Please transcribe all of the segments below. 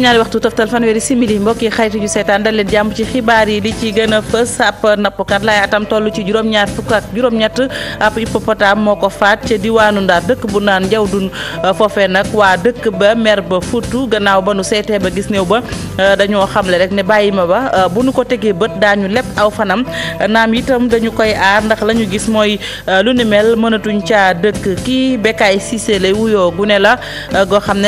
juróom-ñaari waxtu toftal fanweeri simili mbokk yi xarit yu seetaan dal leen jàmm ci xibaar yi li ci gën a fës ab nappkat laay atam toll ci juróom-ñaar fukk ak juróom moo ko faat ca diwaanu Ndar dëkk bu naan njaw dun foofee nag waa dëkk ba mer ba futu gannaaw ba nu seetee ba gis néew ba euh, dañoo xamle rek ne bàyyi ma ba euh, bu nu ko tegee bët daañu leb aw fanam naam itam dañu koy aar ndax lañu gis mooy euh, lu ni mel mënatuñ ca dëkk kii Bekaay Cissé lay wuyoo gune la goo xam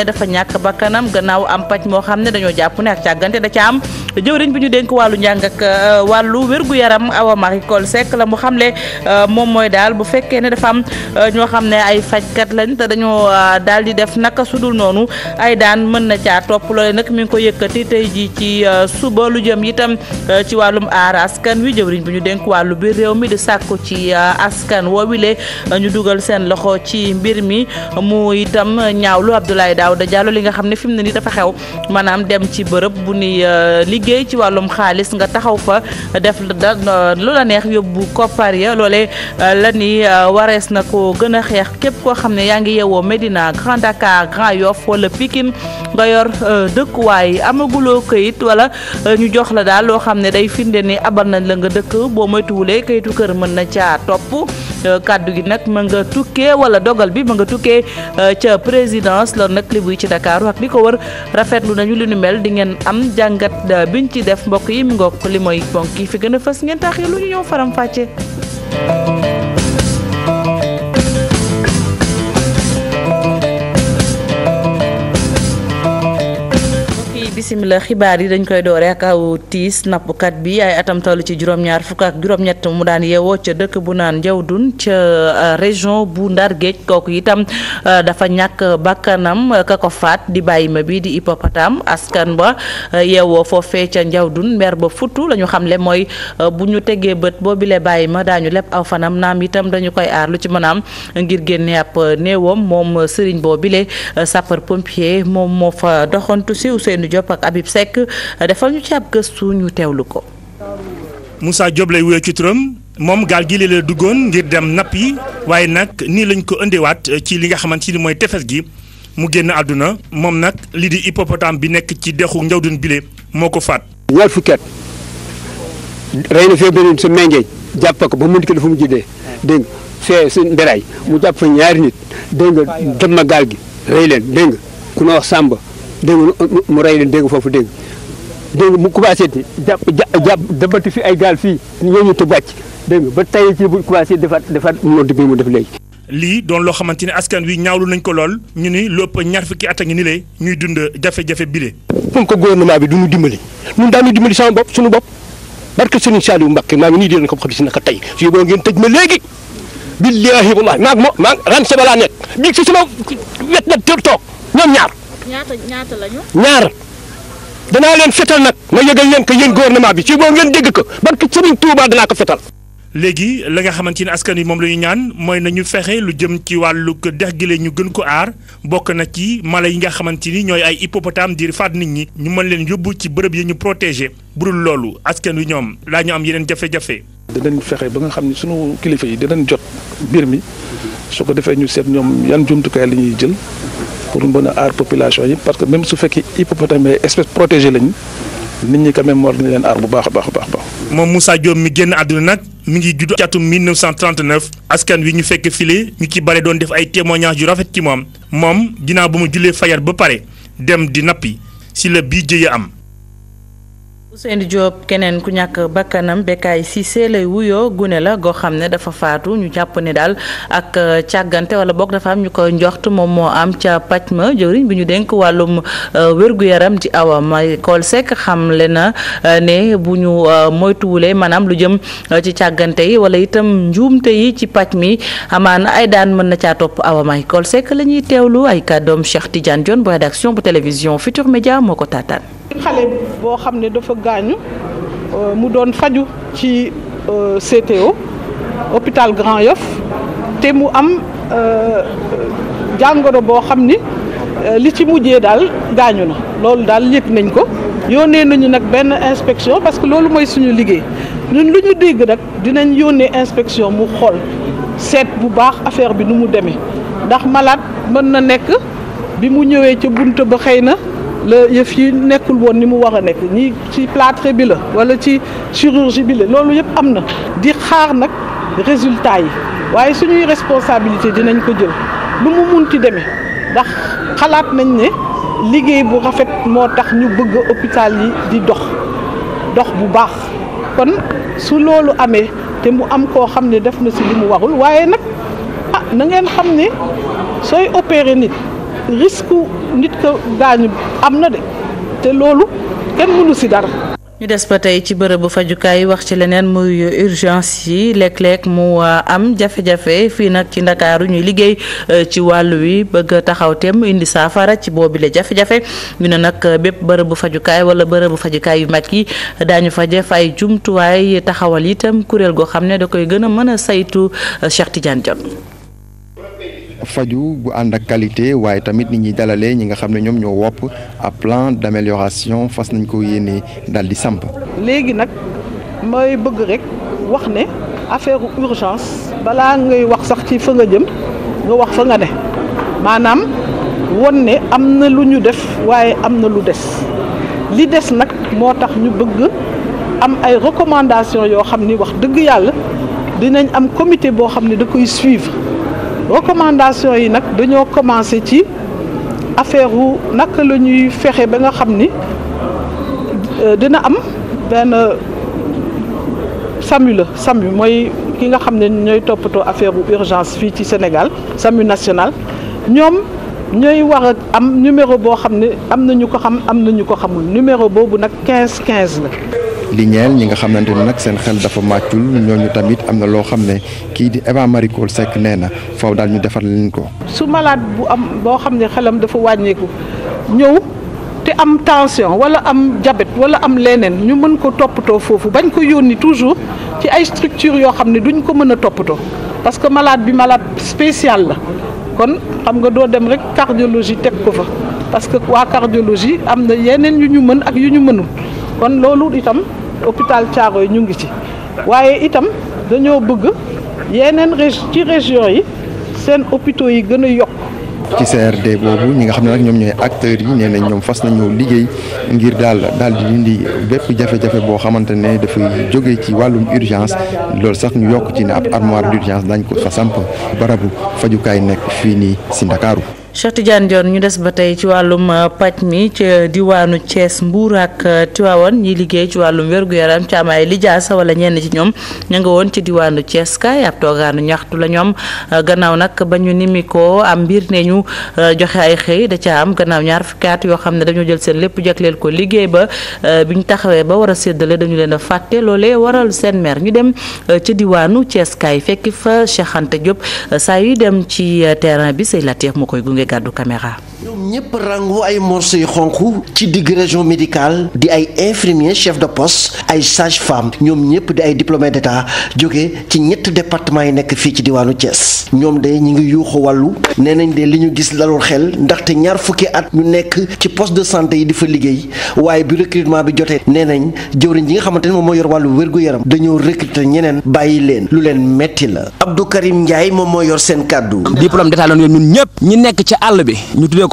dañoo jàpp ne ak càggante da ca am jëwriñ bi ñu dénk wàllu njàng ak euh, wàllu wérgu yaram Awa Marie Coll Seck la mu xamle euh, moom mooy daal bu fekkee ne dafa am euh, ñoo xam ne ay fajkat lañ te dañoo daal di def naka sudul noonu ay daan mën na caa topp nag mi ngi ko yëkkati tey jii ci suba lu jëm itam ci wàllum aar askan wi jëwriñ bi ñu dénk wàllu biir réew mi di sàkku ci askan woowile ñu dugal seen loxo ci mbir mi mu itam ñaawlu daaw da Diallo li nga xam ne fi mu ne nii dafa xew maanaam dem ci bërëb bu ni liggéey ci wàllum xaalis nga taxaw fa def lu la neex yóbbu koppar ya loolee euh, la ni euh, warees na ko gën a xeex képp koo xam ne yaa ngi yeewoo Médina Grand Dakar Grand Yoff wala pikin nga yor euh, dëkkuwaay amaguloo kayit wala ñu jox la daal loo xam ne day finde ni abal nañ la nga dëkk boo moytuwulee kayitu kër mën na caa topp kàddu gi nag ma nga tukkee wala dogal bi ma nga tukkee euh, ca présidence loolu nag li ci Dakar ak li ko wër rafetlu nañu li nu mel di ngeen am jàngat euh, biñ ci def mbokk yi mu ngoog li mooy bonk yi fi gën a fës ngeen tax lu ñu ñëw faram fàcce bisimilah xibaar yi dañ koy doore ak aw tiis nappkat bi ay atam toll ci juróom-ñaar fukk ak juróom-ñett mu daan yeewoo ca dëkk bu naan Ndiawdoune ca euh, région bu Ndar Géej kooku itam euh, dafa ñàkk bakkanam ka ko faat di bàyyi ma bii di hippopotame askan ba euh, yeewoo foofee ca Ndiawdoune mer ba futtu la ñu xamle mooy bu ñu tegee bët boo boobile bàyyi ma daañu leb aw fanam naam itam dañu koy aar lu ci mën ngir génne ab néewam moom sëriñ boobile sapeur pompier moom ak Habib defal ñu ci ab gëstu ñu teewlu ko. musaa Diop lay ci turam moom gaal gi la duggoon ngir dem napp yi waaye nag nii lañ ko ëndewaat eh, ci li nga xamante ni mooy tefes gi mu génn àdduna moom nag lii di hippopotame bi nekk ci dexu Ndiawdoune bile moo ko faat. ñaar fukki rey na fee beneen sa méngéej jàpp ko ba mënut ko dafa mujj dee dégg nga fee seen mu jàpp fa ñaari nit dégg nga dem ma gaal gi rey leen dégg ku na wax Samba. dégg mu rey leen dégg foofu dégg dégg mu commencé di jàpp jàpp dabati fi ay gaal fii ñooñu te bàcc dégg ba tey ci bu commencé defaat defaat nodd bi mu def léegi. lii doon loo xamante ne askan wi ñaawlu nañ ko lool ñu ni lépp ñaar fukki at a ngi ni lee ñuy dund jafe-jafe bile. comme que gouvernement bi du ñu dimbali ñun daan ñu dimbali sama bopp suñu bopp barke Serigne Saliou Mbacké maa ngi nii di leen ko xam si naka tey su yóbboo ngeen tëj ma léegi. billaahi wallaahi maa ngi moo maa ren sama laa nekk bii si sama wet na toog ñoom ñaar. ñaata ñaata ñaar danaa leen fetal nag. ma yëgal leen ko yéen gouvernement bi ci boo ngeen dégg ko ba Sëriñ Tuubaa danaa ko fetal. léegi la nga xamante ni askan wi moom la ñaan mooy nañu fexe lu jëm ci wàllu dex gi la ñu gën ko aar bokk na ci mala yi nga xamante ni ñooy ay hippopotame di faat nit ñi ñu mën leen yóbbu ci bërëb yi ñu protégé budul loolu askan wi ñoom laa ñu am yeneen jafe-jafe. dinañ fexe ba nga xam ni sunu kilifa yi dinañ jot mbir mi su ko defee ñu seet ñoom yan jumtukaay la ñuy jël pour mën a aar population yi parce que même su fekkee hippopotame espèce protégée lañu nit ñi quand même war nañ leen aar bu baax a baax a baax. moom Moussa Diop mi génn àdduna nag mi ngi judd ci atum 1939 askan wi ñu fekk file ñu ci bare doon def ay témoignages yu rafet ci moom moom ginnaaw ba mu jullee fajar ba pare dem di nappi si la bii jëye am. Ousseynou Diop keneen ku ñàkk bakkanam Bécaye Cissé lay wuyoo gune la goo xam ne dafa faatu ñu jàpp ne daal ak euh, càggante wala boog dafa am ñu ko njoxt moom moo am ca paj ma jëwriñ bu ñu dénk wàllum euh, wér-gu-yaram di awa may kool sekk xamle na euh, ne bu ñu moytuwulee maanaam lu jëm ci càggante yi wala itam njuumte yi ci paj mi amaana ay daan mën na caa topp awa may kool sekk la ñuy teewlu ay kàddoom Cheikh Tidiane Dione bu rédaction bu télévision Futur Média moo ko taataan xale boo xam ne dafa gaañu euh, mu doon faju ci euh, CTO hôpital Grand Yoff te mu am euh, jàngoro boo xam ni li ci mujjee daal gaañu na loolu daal yëg nañ ko yónnee nañu nag benn inspection parce que loolu mooy suñu liggéey ñun lu ñu dégg nag dinañ yónnee inspection mu xool seet bu baax affaire bi nu mu demee ndax malaat mën na nekk bi mu ñëwee ca bunt ba xëy na. la yëf yi nekkul woon ni mu war nekk ñii ci plâtre bi la wala ci chirurgie bi la loolu yëpp am na di xaar nag résultat yi waaye suñuy responsabilité dinañ ko jël lu mu munti deme ndax xalaat nañ ne liggéey bu rafet moo tax ñu bëgg hôpital yi di dox dox bu baax kon su loolu amee te mu am koo xam ne def na si li mu warul waaye nag ah na ngeen xam ne sooy opérer nit risque nit ko gaañu am na de te loolu kenn mënu si dara. ñu des ba tey ci bërëbu fajukaay yi wax ci leneen muy urgence yi léeg-léeg mu euh, am jafe-jafe fii nag ci ndakaaru ñuy liggéey euh, ci wàll wi bëgg taxaw teem indi saafara ci boobile jafe-jafe ñu ne nag euh, bépp bërëbu fajukaay wala bërëbu fajukaay yu mag yi daañu faje fay ay jumtuwaay taxawal itam kuréel goo xam ne da koy gën a mën a saytu Cheikh Tidiane faju gu ànd ak qualité waaye tamit nit ñi dalalee ñi nga xam ne ñoom ñoo wopp à plan d'amélioration fas nañ ko yéene daal di samp léegi nag mooy bëgg rek wax ne affaire urgence bala ngay wax sax ci fa nga jëm nga wax fa nga ne maanaam won ne am na lu ñu def waaye am na lu des li des nag moo tax ñu bëgg am ay recommandations yoo xam ni wax dëgg yàlla dinañ am comité boo xam ne da koy suivre recommandation yi nag dañoo commencé ci affaire wu naka la ñuy fexe ba nga xam ni euh, dina am benn SAMU la SAMU mooy ki nga xam ne ñooy toppatoo affaire bu urgence fii ci Sénégal SAMU national ñoom ñooy war am numéro boo xam ne am na ko xam am nañu ko xamul numéro boobu nag quinze quinze la. li ñeel ñi nga xamante ne nag seen xel dafa màccul ñooñu tamit am na loo xam ne kii di Eva Marie nee na foofu daal ñu defar leen ko. su malaat bu am boo xam ne xelam dafa wàññeeku ñëw te am tension wala am diabète wala am leneen ñu mën ko toppatoo foofu bañ ko yónni toujours ci ay structures yoo xam ne duñ ko mën a toppatoo parce que malade bi malaat spécial la kon xam nga doo dem rek cardiologie teg ko fa parce que waa cardiologie am na yeneen yu ñu mën ak yu ñu mënul hôpital Thiaroye ñu ngi ci waaye itam dañoo bëgg yeneen ci région yi seen hôpitaux yi gën a yokk ci CRD boobu ñi nga xam ne nag ñoom ñooy acteur yi nee nañ ñoom fas nañoo liggéey ngir daal daal di dindi bépp jafe-jafe boo xamante ne dafay jóge ci wàllum urgence loolu sax ñu yokk ne ab armoire d'urgence dañ ko fa samp barabu fajukaay nekk fii nii si Ndakaaru Cheikh Tidiane Dione ñu des ba tey ci wàllum euh, paj mi ci euh, diwaanu cees Mbour ak euh, Tivaouane ñiy liggéey ci wàllum wér-gu-yaram ci am ay lijaasa wala ñenn ci ñoom ñu nga woon ci diwaanu cees kaay ab toogaanu ñaxtu la ñoom gannaaw nag ba ñu nimi am mbir ne ñu joxe ay xëy da ca am gannaaw ñaar fukki yoo xam ne dañoo jël seen lépp jagleel ko liggéey ba bi ñu taxawee ba war a séddale dañu leen a fàtte loolee waral seen mer ñu dem ci diwaanu Thiès kaay fekki fa Cheikh Anta Diop saa yu dem ci terrain bi say lateex moo koy gunge gàddu caméra ñoom ñëpp rangu ay morceau yu xonq ci digg région médicale di ay infirmier chef de poste ay sage femme ñoom ñëpp di ay diplômé d'état jóge ci ñett département yi nekk fii ci diwaanu Thiès ñoom de ñu ngi yuuxu wàllu nee nañ de li ñu gis lalul xel ndaxte ñaar fukki at ñu nekk ci poste de santé yi di fa liggéey waaye bi recrutement bi jotee nee nañ jëwriñ ji nga xamante ne moom moo yor wàllu wér-gu-yaram dañoo recruter ñeneen bàyyi leen lu leen metti la Abdou Karim Ndiaye moom moo yor seen kàddu diplôme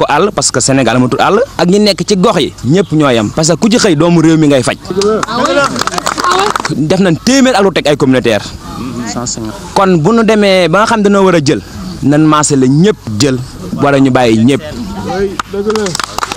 àll ko parce que Sénégal amatul àll ak ñi nekk ci gox yi ñëpp ñoo yem parce que ku ci xëy doomu réew mi ngay faj def nañ téeméer ak lu teg ay communautaire kon bu nu demee ba nga xam dina war a jël nan maase la ñëpp jël war a ñu bàyyi ñëpp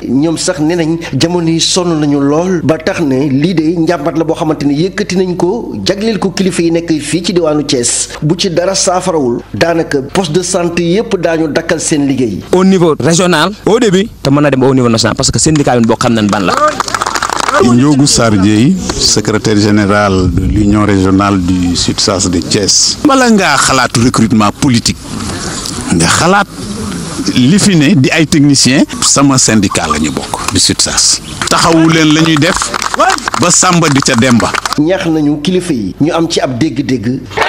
ñoom sax ne nañ jamono yi sonn nañu lool ba tax ne lii de njàmbat la boo xamante ne yëkkati nañ ko jagleel ko kilifa yi nekk fii ci diwaanu cees bu ci dara saafarawul daanaka poste de santé yëpp daañu dakkal seen liggéey. au niveau régional au début te mën na dem au niveau national parce que syndicat bi boo xam nañ ban la. Ndiogou Sardieye secrétaire général de l'union régionale du Sud-Sas de Thiès. bala ngaa xalaat recrutement politique nga xalaat. li ne di ay technicien sama syndicat la ñu bokk di SUTSAS taxawu leen la ñuy def ba Samba di ca Demba. ñaax nañu kilifa yi. ñu am ci ab dégg-dégg.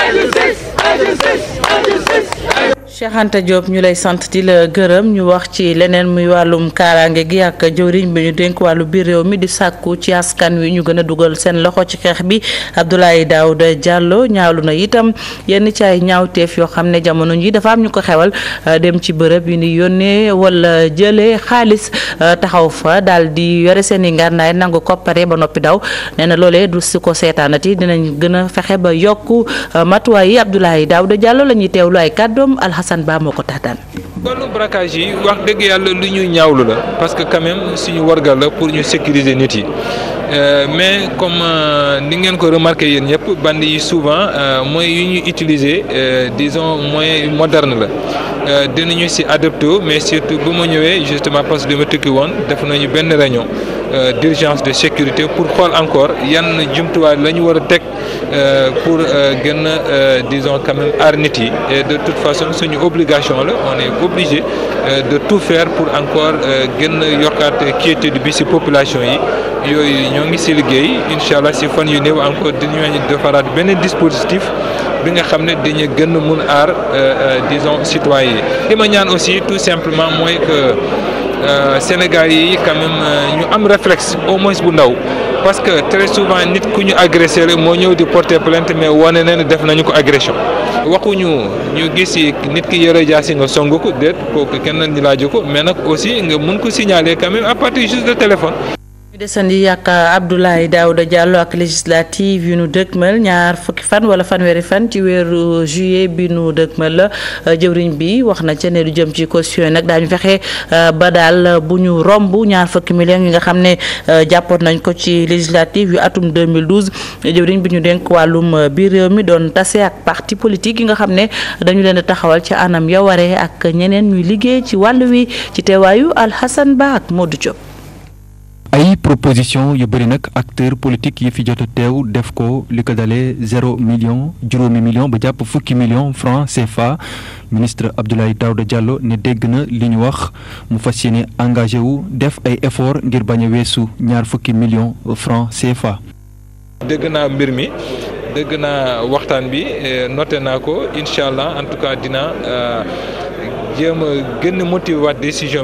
Cheikh Anta Diop ñu lay sant di la gërëm ñu wax ci leneen muy wàllum kaaraange gi ak jëwriñ bi ñu dénk wàllu biir réew mi di sàkku ci askan wi ñu gën a dugal seen loxo ci xeex bi Abdoulaye Daouda Diallo ñaawlu na itam yenn ci ay ñaawteef yoo xam ne jamono ji dafa am ñu ko xewal euh, dem ci bërëb yi ni yónnee wala jële xaalis euh, taxaw fa daal di yore seen i ngànnaay nangu koppare ba noppi daw nee na du si ko seetaanati dinañ gën a fexe ba yokk euh, matuwaay yi Assane Ba moo ko taataan. wàllu braquage yi wax dëgg yàlla lu ñuy ñaawlu la parce que quand suñu wargal la pour ñu sécuriser nit yi euh, mais comme euh, ni ngeen ko remarqué yéen ñëpp band yi souvent euh, moyens yu ñu utiliser di son moyens moderne la. dinañu ci adopté mais surtout bu ma ñëwee justement parce di ma tukki woon def nañu benn réunion. Euh, d'urgence de sécurité pour xool encore yan jumtuwaay la ñu war a teg euh, pour euh, gën a disons quand même aar nit yi et de toute façon suñu obligation la on est obligé de tout faire pour encore gën a yokkaat quiétude bi ci population yi yooyu ñoo ngi ci liggéey incha allah ci fan yu new encore ñu defaraat benn dispositif bi nga xam ne dañu gën a mun aar disons citoyens yi li ma ñaan aussi tout simplement mooy que Euh, Sénégal yi quand même euh, ñu am réflexe au moins bu ndaw parce que très souvent nit ku ñu agressé rek moo ñëw di porter plainte mais wane na ne def nañu ko agression waxuñu ñu gis nit ki yore jaasi nga song ko déet kooku kenn laaju ko mais nag aussi nga mun ko signaler quand même à partir juste de téléphone. ñu desandi ak Abdoulaye Daouda Diallo ak législative yu nu dëgmal ñaar fukki fan wala fanweeri fan ci weeru juillet bi nu dëgmal la jëwriñ bi wax na ca ne lu jëm ci caution nag daa daañu fexe euh, ba daal bu ñu romb ñaar fukki millions yi nga xam ne euh, jàppoon nañ ko ci législative yu atum 2012 jëwriñ bi ñu dénk wàllum bi réew mi doon tase ak parti politique yi nga xam ne dañu leen taxawal ci anam ya waree ak ñeneen ñuy liggéey ci wàll wi ci teewaayu Alhassane Ba ay proposition yu bëri nag acteur politique yi fi jot a teew def ko li ko dalee zéro million juróomi million ba jàpp fukki million franc CFA ministre Abdoulaye Daouda Diallo ne dégg na li ñu wax mu fas yéene engagé wu def ay effort ngir bañ a weesu ñaar fukki million franc CFA. dégg naa mbir mi dégg na waxtaan bi noté naa ko incha allah en tout cas dina euh, jéem a gën a motiver waat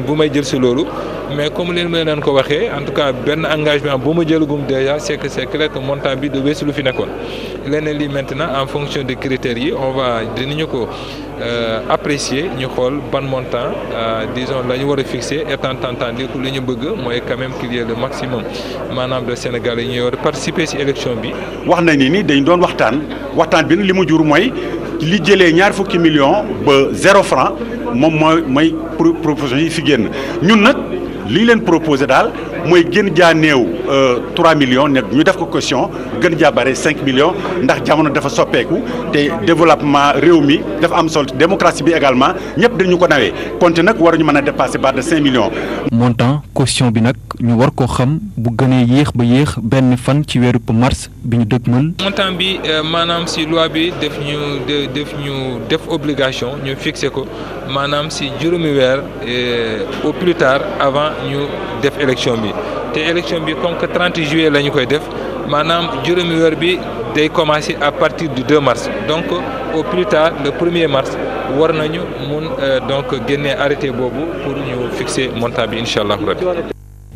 bu may jël si loolu. mais comme leen ma leen ko waxee en tout cas benn engagement bu ma jëlagum déjà c' est que c' est clair que montant bi de weesu fi nekkoon leneen lii maintenant en fonction des critères yi on va ñu ko euh, apprécier ñu xool ban montant euh, disons la ñu war a fixer étant entendu bëgg mooy quand même qu'il y ait le maximum maanaam de Sénégalais yi ñuy war a participer si élection bi. wax nañu ni dañ doon waxtaan waxtaan bi li mu jur mooy li jëlee ñaar fukki million ba zéro franc moom mooy mooy proposition yi fi génn lii leen proposé daal mooy gën jaa néew 3 euh, millions ne ñu def ko caution gën jaa bare 5 millions ndax jamono dafa soppeeku te développement réew mi dafa am solo démocratie bi également ñëpp dañu ko nawee compte nag waruñu mën a dépasser barre de 5 millions. montant caution bi nag. ñu war koo xam bu gënee yéex ba yéex benn fan ci weeru mars bi ñu dëgmal. montant bi euh, maanaam si loi bi def ñu def ñu def obligation ñu fixe ko maanaam si juróomi weer euh, au plus tard avant ñu def élection bi te élection bi comme que 30 juillet la ñu koy def maanaam juróomi weer bi day commencé à partir du 2 mars donc au plus tard le 1er mars. war nañu mun euh, donc génne arrêté boobu pour ñu fixer montant bi incha allah rabbi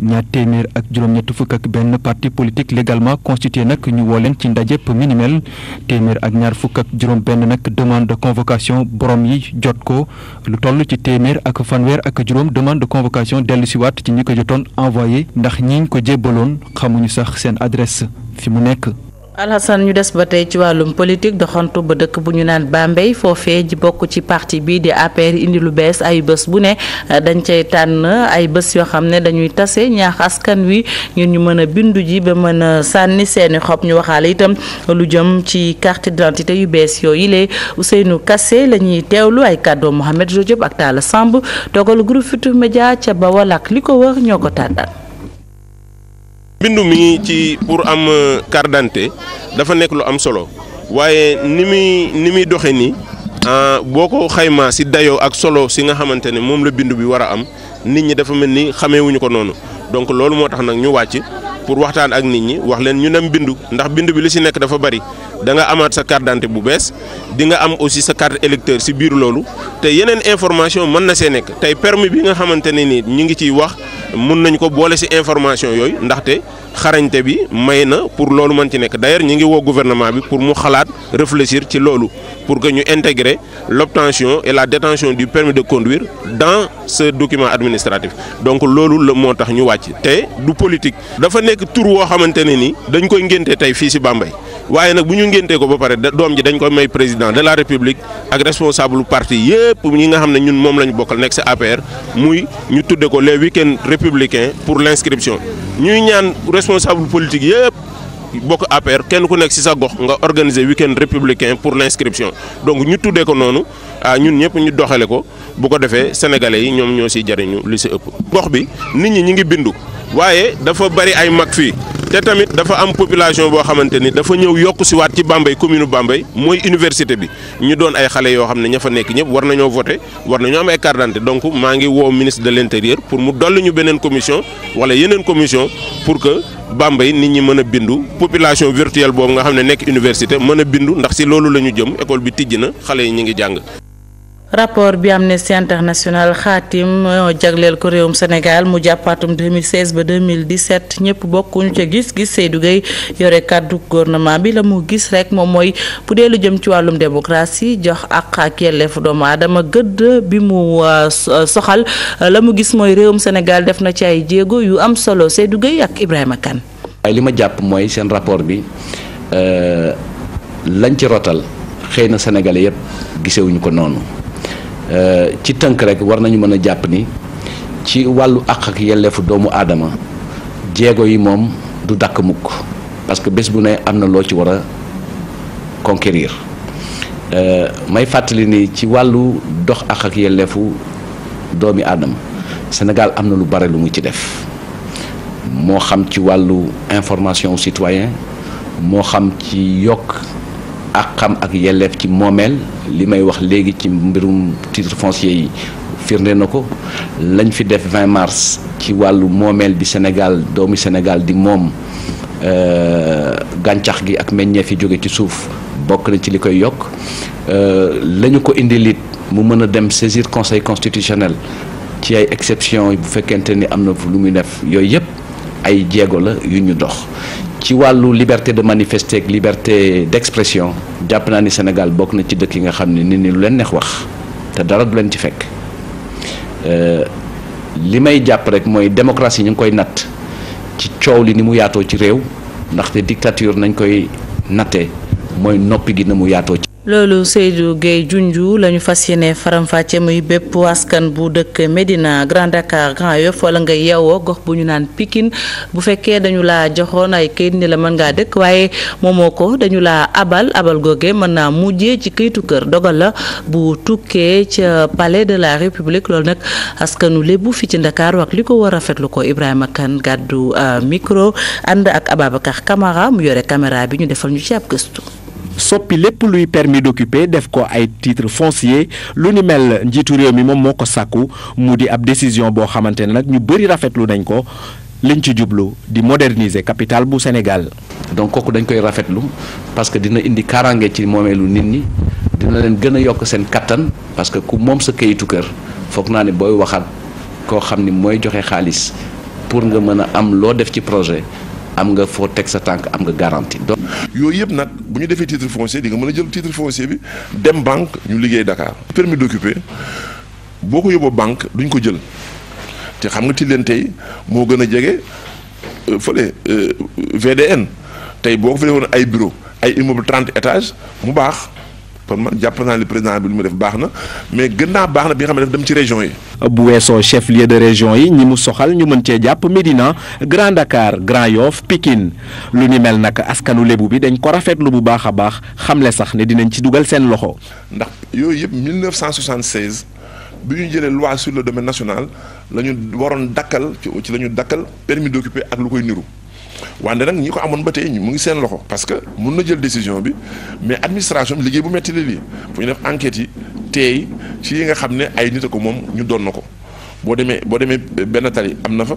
ñaar téeméer ak juróom-ñett fukk ak benn parti politique légalement constitué nag ñu woo leen ci ndajëpp minimel téeméer ak ñaar fukk juróom-benn nag demande de convocation borom yi jot ko lu toll ci téeméer ak fanweer ak juróom demande de convocation dellu si waat ci ñi ko jotoon envoyé ndax ñiñ ko jébbaloon xamuñu sax seen adresse fi mu nekk. Alhassane ñu des ba tey ci wàllum politique doxantu ba dëkk bu ñu naan Bambey foofee ji bokk ci parti bi di APR indi lu bees ay bés bu ne euh, dañ cay tànn ay bés yoo xam ne dañuy tase ñaax askan wi ngir ñu mën a bindu ji ba mën a sànni seeni xob ñu waxaale itam lu jëm ci carte d'identité yu bees yooyu lee Ousseynou Kassé la ñuy teewlu ay kàddoo Mohamed Diop ak Talla Samb dogalu groupe Futurs Médias ca Bawol ak li ko wër ñoo ko tànnal mbindu mi ci pour am euh, carte d'identité dafa nekk lu am solo waaye ni muy ni muy doxe nii ah, boo ko xaymaa si dayoo ak solo si nga xamante ne moom la bindu bi war a am nit ñi dafa mel ni xameewuñu ko noonu donc loolu moo tax nag ñu wàcc pour waxtaan ak nit ñi wax leen ñu dem bindu ndax bindu bi lu si nekk dafa bari da nga amaat sa carte d'identité bu bees di nga am aussi sa carte électeur si biir loolu te yeneen information mën na see nekk tey permis bi nga xamante ne mun nañ ko boole si information yooyu ndaxte xarañte bi may na pour loolu mën ci nekk d'ailleurs ñi ngi woo gouvernement bi pour mu xalaat réfléchir ci loolu pour que ñu intégrer l'obtention et la détention du permis de conduire dans ce document administratif donc loolu la moo tax ñu wàcc te du politique dafa nekk tur woo xamante ne ni dañ koy ngénte tey fii ci Bambey waaye nag bu ñu ngéntee ko ba pare doom ji dañ koy may président de la république ak responsable parti yépp ñi nga xam ne ñun moom lañ bokkal nekk ci APR muy ñu tudde républicain pour l'inscription ñuy ñaan responsable politique yëpp bokk APR kenn ku nekk ci sa gox nga organiser week-end républicain pour l'inscription donc ñu tuddee ko noonu ah, ñun ñëpp ñu doxale ko bu ko defee sénégalais yi ñoom ñoo ciy jariñu lu ci ëpp. gox bi nit ñi ñi ngi bindu waaye dafa bari ay mag fii. te tamit dafa am population boo xamante ni dafa ñëw yokk si waat ci Bambey commune Bambey mooy université bi ñu doon ay xale yoo xam ne ña fa nekk ñëpp war nañoo voter war nañoo am ay carte donc maa ngi woo ministre de l'intérieur pour mu dolli ñu beneen commission wala yeneen commission pour que Bambey nit ñi mën a bindu population virtuelle boobu nga xam ne nekk université mën a bindu ndax si loolu la ñu jëm école bi tijji na xale yi ñu ngi jàng. rapport bi Amnesty International xaatim jagleel ko réewum senegal mu jàppaatum 2016 ba 2017 ñëpp bokkuñu ca gis-gis Seydou Gueye yore kàddu gouvernement bi la mu gis rek moom mooy bu lu jëm ci wàllum démocratie jox àq ak yelleefu doom aadama gëdd bi mu euh, euh, soxal euh, la mu gis mooy réewum senegal def na ci ay jéego yu am solo Seydou Gueye ak ibrahimakan Kane. waaye li ma jàpp mooy seen rapport bi lañ ci rotal xëy na sénégalais yëpp gisewuñu ko noonu. Euh, ci tënk rek war nañu mën a jàpp ni ci wàllu àq ak yelleefu doomu aadama jéego yi moom du dakk mukk parce que bés bu ne am na loo ci war a conquérir euh, may fàttali ni ci wàllu dox àq ak yelleefu doomi aadama Sénégal am na lu bare lu mu ci def moo xam ci wàllu information citoyen moo xam ci yokk ak xam ak yelleef ci moomeel li may wax léegi ci mbirum titre foncier yi firnde na ko lañ fi def 20 mars ci wàllu moomeel bi Sénégal doomu Sénégal di moom euh, gàncax gi ak meññeef yi jóge ci suuf bokk na ci li koy yokk euh, lañu ko indil it mu mën a dem saisir conseil constitutionnel ci ay exception bu fekkente ni am na lu muy def yooyu yëpp ay jéego la yu ñu dox ci wàllu liberté de manifesté ak liberté d'expression jàpp naa ni Sénégal bokk na ci dëkk yi nga xam ne ni ñi lu leen neex wax te dara du leen ci fekk euh, li may jàpp rek mooy démocratie ñu ngi koy natt ci coow li ni mu yaatoo ci réew ndaxte dictature nañ koy natte mooy noppi gi na mu yaatoo ci loolu Seydou Gueye junju la ñu fas yéene faram muy bépp askan bu dëkk Médina Grand Dakar Grand Yoff wala nga yeewoo gox bu ñu naan pikin bu fekkee dañu laa joxoon ay kayit ni la mën ngaa dëkk waaye moomoo ko dañu laa abal abal googe mën naa mujjee ci kayitu kër dogal la bu tukkee ca palais de la République loolu nag askanu lébu fi ci Ndakaar wax li ko war a ko Ibrahima Kane gàddu euh, micro ànd ak Ababacar Camara mu yore caméra bi ñu defal ñu ci ab soppi lépp luy permis d'occuper def ko ay titre foncier lu ni mel njiitu réew mi moom moo ko sàkku mu di ab décision boo xamante ne nag ñu bëri rafetlu dañ ko liñ ci jublu di moderniser capitale bu Sénégal. donc kooku dañ koy rafetlu parce que dina indi kaaraange ci moomeelu nit ñi dina leen gën a yokk seen kattan parce que ku moom sa kayitu kër foog naa ne booy waxaat koo xam ni mooy joxe xaalis pour nga mën a am loo def ci projet am nga foo teg sa tànk am nga garantie. donc yooyu yëpp nag bu ñu defee titre foncier di nga mën a jël titre foncier bi dem banque ñu liggéey Dakar. permis d'occuper boo ko yóbboo banque duñ ko jël te xam nga ti leen tey moo gën a jege euh, fële euh, VDN tey boo ko fa defoon ay bureau ay immeuble 30 étages mu baax. kon man jàpp naa li président bi lu mu def baax na mais gën naa baax na bi nga xam ne daf dem ci région yi. bu weesoo chef lieu de région yi ñi mu soxal ñu mën cee jàpp Médina Grand Dakar Grand Yoff Pikine lu ni mel nag askanu léebu bi dañ ko rafetlu bu baax a baax xamle sax ne dinañ ci dugal seen loxo. ndax yooyu yëpp 1976 bi ñu jëlee loi sur le domaine national la ñu waroon dakkal ci la ñu dakkal permis d'occuper ak lu koy niru. wante nag ñi ko amoon ba tey ñu mu ngi seen loxo parce que mun na jël décision bi mais administration bi liggéey bu metti la lii bu ñu def enquête yi teey ci yi nga xam ne ay nit a ko moom ñu doon na ko boo demee boo demee benn tali am na fa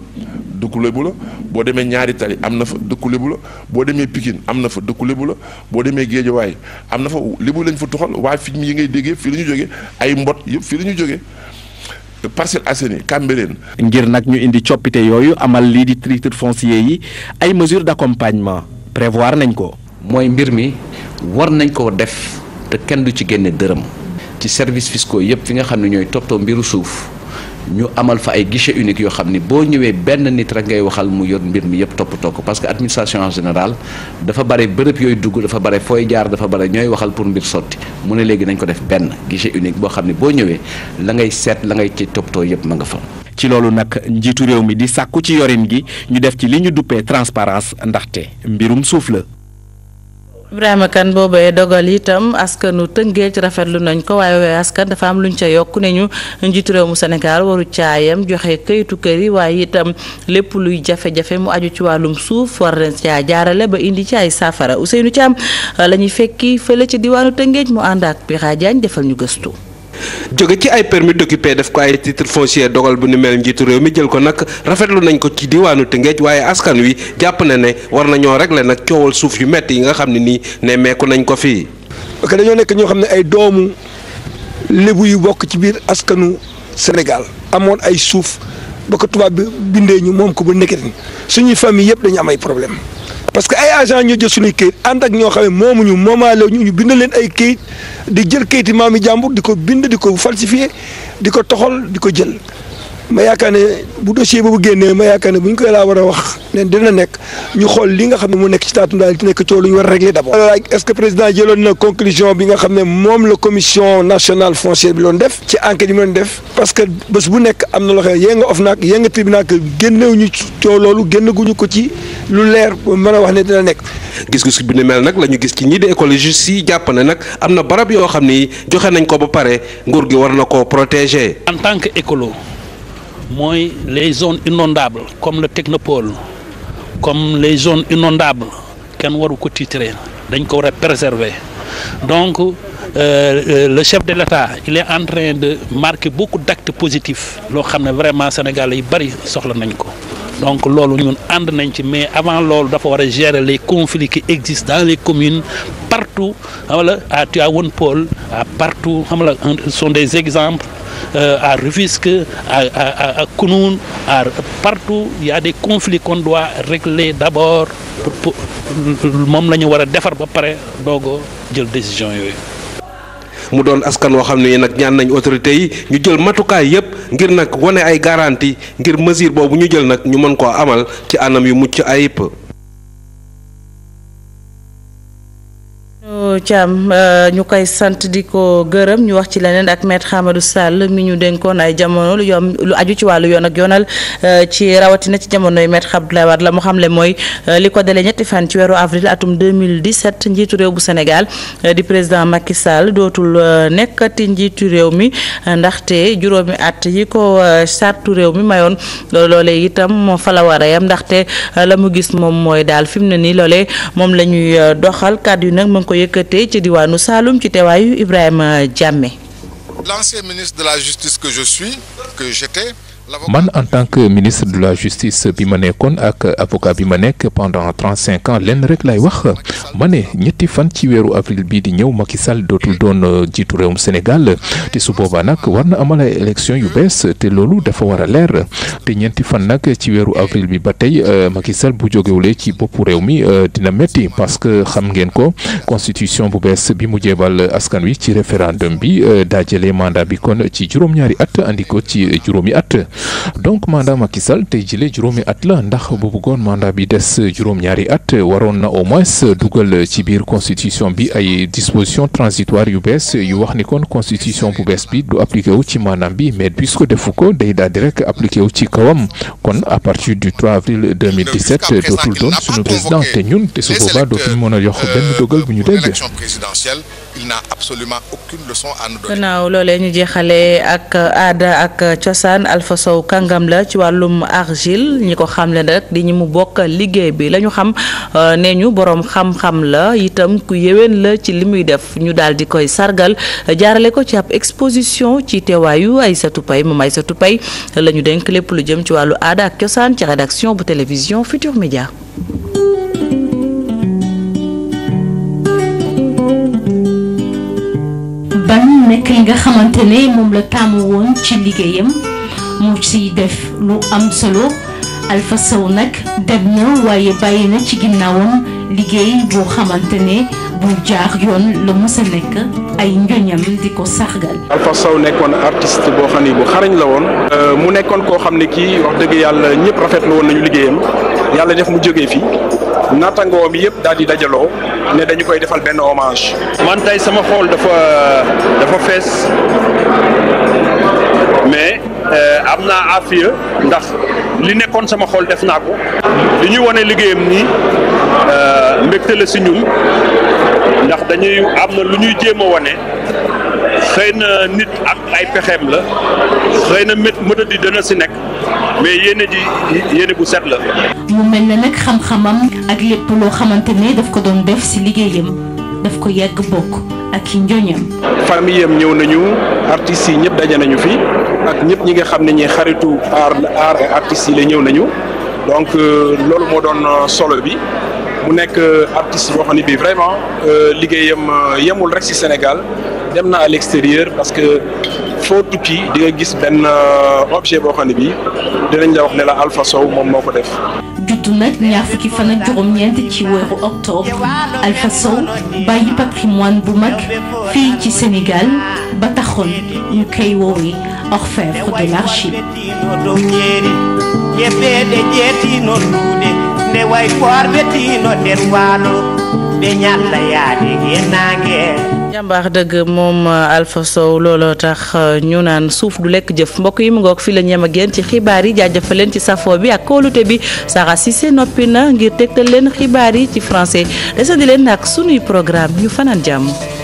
dëkku lébu la boo demee ñaari tali am na fa dëkku lébu la boo demee Pikine am na fa dëkku lébu la boo demee Géejawaay am na fa lébu lañ fa tuxal waaye fi yi ngay déggee fii la ñu jógee ay mbot yëpp fii la ñu jógee Parcelles Assainies Cambérène ngir nag ñu indi coppite yooyu amal lii di titre foncier yi ay mesures d'accompagnement prévoir nañ ko. mooy mbir mi war nañ koo def te kenn du ci génne dërëm. ci services fiscaux yëpp fi nga xam ne ñooy toppatoo mbiru suuf. ñu amal fa ay guichet unique yoo xam ni boo ñëwee benn nit rek ngay waxal mu yor mbir mi yëpp toppatoo ko parce que administration général dafa bare bërëb yooyu dugg dafa bare fooy jaar dafa bare ñooy waxal pour mbir sotti mu ne léegi nañ ko def benn guichet unique boo xam ne boo ñëwee la ngay seet la ngay ci toppatoo yëpp ma nga fa. ci loolu nag njiitu réew mi di sàkku ci yorin gi ñu def ci li ñu duppee transparence ndaxte mbirum suuf la. a kan boobee dogal itam askanu Tëngéej rafetlu nañ ko waaye waaye askan dafa am lu luñ ca yokk ne ñu njiitu réew mu Sénégal waru caayam joxe kayitu kër waaye itam lépp luy jafe-jafe mu aju ci wàllum suuf war leen caa jaarale ba indi ci ay saafara Ousseynou Thiam la ñuy fekki fële ci diwaanu Tëngéej mu ànd ak Pira Diagne defal ñu gëstu. jóge ci ay permis d'occuper def ko ay titre foncier dogal bu ni mel njiitu réew mi jël ko nag rafetlu nañ ko ci diwaanu Tëngéej waaye askan wi jàpp na ne war nañoo régler nag coowal suuf yu metti yi nga xam ne nii nemmeeku nañ ko fii. parce que dañoo nekk ñoo xam ne ay doomu lébu yu bokk ci biir askanu Sénégal amoon ay suuf. ba ko tubaab bi bindee ñu moom ko ba nekkee ni suñuy famille yëpp dañu am ay problème parce que ay agent ñoo jël suñuy kayit ànd ak ñoo xam ne moomuñu moomaale ñu ñu bind leen ay kayit di jël kayiti maam yi jàmbur di ko bind di ko falsifié di ko toxal di ko jël ma yaakaar ne bu dossier boobu génnee ma yaakaar ne bu ñu koy laa war a wax ne dina nekk ñu xool li nga xam ne mu nekk ci taatum daal di nekk coow ñu war a régler d' abord. est-ce que président jëloon na conclusion bi nga xam ne moom la commission nationale foncière bi loon def ci enquête yi mu doon def parce que bés bu nekk am na loo xam ne yee nga of naag yee nga tribunal que génnewuñu coow loolu génnaguñu ko ci lu leer mën a wax ne dina nekk. gis-gis bi ni mel nag la ñu gis ci ñii di écologistes yi jàpp nag am na barab yoo xam ni joxe nañ ko ba pare nguur gi war na koo protéger. en tant que écolo mooy les zones inondables comme le technopole comme les zones inondables kenn waru ko titrer dañ ko war a préserver donc Euh, euh, le chef de l'État il est en de marquer beaucoup d'actes positif loo xam ne vraiment Sénégal yi bari soxla nañ ko donc loolu ñun ànd nañ ci mais avant loolu dafa war a gérer les conflits qui existent dans les communes partout xam nga à Tivaouane Peulh à partout xam nga sont des exemples euh, à Rufisque à à des conflits qu'on doit régler d'abord moom la ñu war a defar ba pare doogo jël décision yooyu. mu doon askan woo xam ne nag ñaan nañ autorité yi ñu jël matukaay yépp ngir nag wane ay garantie ngir mesure boobu ñu jël nag ñu mën koo amal ci anam yu mucc ay pë Amadou Thiam euh, ñu koy sant di ko gërëm ñu wax ci leneen ak maître Amadou Sall mi ñu dénkoon ay jamono lu yom lu aju ci wàllu yoon ak yoonal euh, ci rawatina ci jamonoy maître Abdoulaye Wade la mu xamle mooy euh, li ko dalee ñetti fan ci weeru avril atum 2017 njiitu réew bu Sénégal di président Macky Sall dootul nekkati njiitu réew mi ndaxte juróomi at yi ko sartu réew mi mayoon loolee itam fa la war yam ndaxte la mu gis moom mooy daal fi mu ne nii moom la doxal kàddu yi nag mu ko yëkk yëkkatee ci diwaanu Saloum ci teewaayu Ibrahima Diamé. l'ancien ministre de la justice que je suis que man en tant que ministre de la justice bi ma nekkoon ak avocat bi ma nekk pendant trente cinq ans lenn rek lay wax ma ne ñetti fan ci weeru avril bii di ñëw Macky Sall dootul doon euh, jiitu réewum Sénégal te su boobaa nag war na amal ay élection yu bees te loolu dafa war a leer te ñeenti fan nag ci weeru avril bi ba tey euh, Macky Sall bu jógewulee ci boppu réew mi euh, dina métti parce que xam ngeen ko constitution bu bees bi mu jéebal askan wi ci référendum bi daa jëlee mandat bi kon ci juróom at andi ci juróomi at. donc mandat Macky Sall tey jëlee juróomi at la ndax bu bëggoon mandat bi des juróom-ñaari at waroon na au moins dugal ci biir constitution bi ay disposition transitoire yu bees yu wax ni kon constitution bu bees bi du appliqué wu ci maanaam bi mais puisque defu ko day daal di rek wu ci kawam kon à partir du 3 avril 2017 dootul doon suñu président te ñun te su boobaa dootuñu mën a yox euh, benn dogal bu ñu dégg. il n'a absolument gannaaw loolee ñu jeexalee ak euh, aada ak euh, cosaan Alpha Sow kàngam la ci wàllum argile ñi ko xamle rek di ñi mu bokk liggéey bi la ñu xam euh, nee ñu boroom xam-xam la itam ku yéwén la ci li muy def ñu daal di koy sargal jaarale ko ci ab exposition ci teewaayu ay Aïssatou Paye moom Aïssatou Paye la ñu denk lépp lu jëm ci wàllu aada ak cosaan ci rédaction bu télévision Futur Média. ban nekk li nga xamante ne moom la taamu woon ci liggéeyam mu ci def lu am solo. Alpha Sow nag dem na waaye bàyyi na ci ginnaawam liggéey boo xamante ne bu jaax yoon la mës nekk ay njoñam di ko sargal. Alpha Sow nekkoon artiste boo xam ne bu xarañ la woon. Euh, mu nekkoon koo xam ne kii wax dëgg yàlla ñëpp rafetlu woon nañu liggéeyam yàlla def mu jógee fii naataangoom yëpp daal di dajaloo ne dañu koy defal benn hommage. man tey sama xool dafa dafa fees mais euh, am naa afiya ndax. li nekkoon sama xol def naa ko li ñuy wane liggéeyam ni euh, mbégte la si ñun ndax dañuy am na lu ñuy jéem a wane xëy na nit ak ay pexeem la xëy na mét mëtadi dana si nekk mais yéene ji yéene bu set la. mu mel ne nag xam-xamam ak lépp loo xamante ne daf ko doon def si liggéeyam daf ko yàgg bokk ak i njoñam. famille ñëw nañu artistes yi ñëpp daje nañu fi. ak ñëpp ñi nga xam ne ñi xaritu art art yi la ñëw nañu donc euh, loolu moo doon euh, solo bi mu nekk euh, artiste boo xam ne bii vraiment liggéeyam yemul rek ci Sénégal dem na à l'extérieur parce que foo tukki di nga gis benn objet boo xam ne bi dinañ la wax ne la Alpha Sow moom moo ko def. juddu nag ñaar fukki fan juróom-ñeent ci weeru octobre Alpha Sow bàyyi patrimoine bu mag fii ci Sénégal ba taxoon ñu koy woowee orfèvre de l'archive njàmbaar dëgg moom euh, Alpha Sow looloo tax euh, ñu naan suuf du lekk jëf mbokk yi mu ngoog fii la ñem ak yéen ci xibaar yi jaajëfal leen ci safoo bi ak kóolute bi si see noppi na ngir tegtal leen xibaar yi ci français desandi leen ak sunuy programme ñu fanaan jàmm.